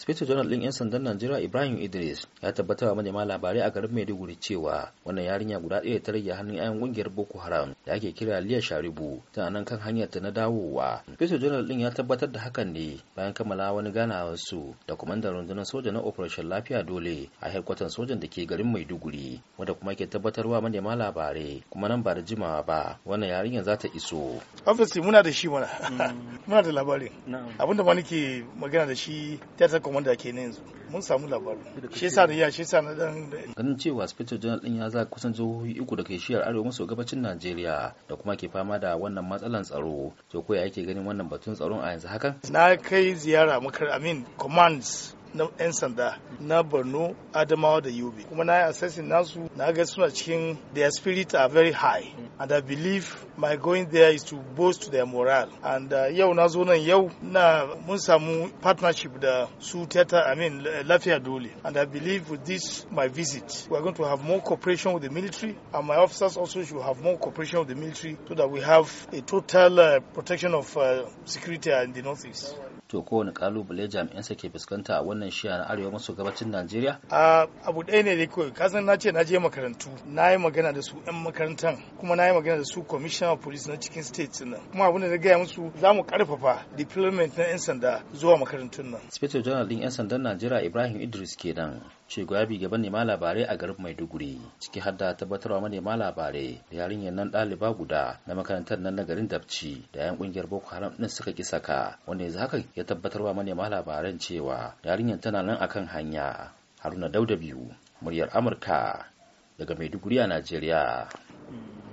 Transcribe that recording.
Spitzer Journal ɗin 'yan sandan Najeriya Ibrahim Idris ya tabbatar wa manema labarai a garin Maiduguri cewa wannan yarinya guda ɗaya ta rage hannun 'yan ƙungiyar Boko Haram da ake kira Liya Sharibu tana nan kan hanyar ta na dawowa. Spitzer Journal ɗin ya tabbatar da hakan ne bayan kammala wani ganawar su da kwamandan rundunar soja na Operation Lafiya Dole a hedkwatan sojan da ke garin Maiduguri wanda kuma ke tabbatarwa manema labarai kuma nan ba da jimawa ba wannan yarinya za ta iso. Obviously muna da shi mana mm. muna da labarin abinda ma nake magana da shi ta akan wanda ke ne yanzu mun samu labarin shi yasa da ya shi yasa na dan ganin cewa spitzer general din ya za kusan jihohi uku da ke shiyar arewa maso gabacin Najeriya da kuma ke fama da wannan matsalan tsaro to ko ya yake ganin wannan batun tsaron a yanzu hakan? na kai ziyara makar amin commands na 'yan sanda na borno adamawa da yobe kuma na yi assessing nasu na ga suna cikin their spirit are very high and i believe my going there is to boost their morale and uh, yau na zo nan yau na mun samu partnership da su teta i mean lafiya dole and i believe with this my visit we are going to have more cooperation with the military and my officers also should have more cooperation with the military so that we have a total uh, protection of uh, security in the northeast to kowane kalubale jami'an sa ke fuskanta a wannan shiya na arewa maso gabacin Najeriya? abu ɗaya ne dai kawai kasan na ce na je makarantu na yi magana da su 'yan makarantan kuma na yi magana da su commissioner of police na cikin state nan kuma abin da na gaya musu za mu karfafa deployment na 'yan sanda zuwa makarantun nan. Inspector General din 'yan sandan Najeriya Ibrahim Idris kenan. ce gwabi gaban nema labarai a garin maiduguri ciki har da tabbatarwa manema labarai da yarinyar nan ɗaliba guda na makarantar nan na garin dabci da yan kungiyar boko haram din suka ki saka wanda yanzu haka ya tabbatarwa manema labaran cewa yarinyar tana nan akan hanya haruna dauda biyu muryar amurka daga maiduguri a najeriya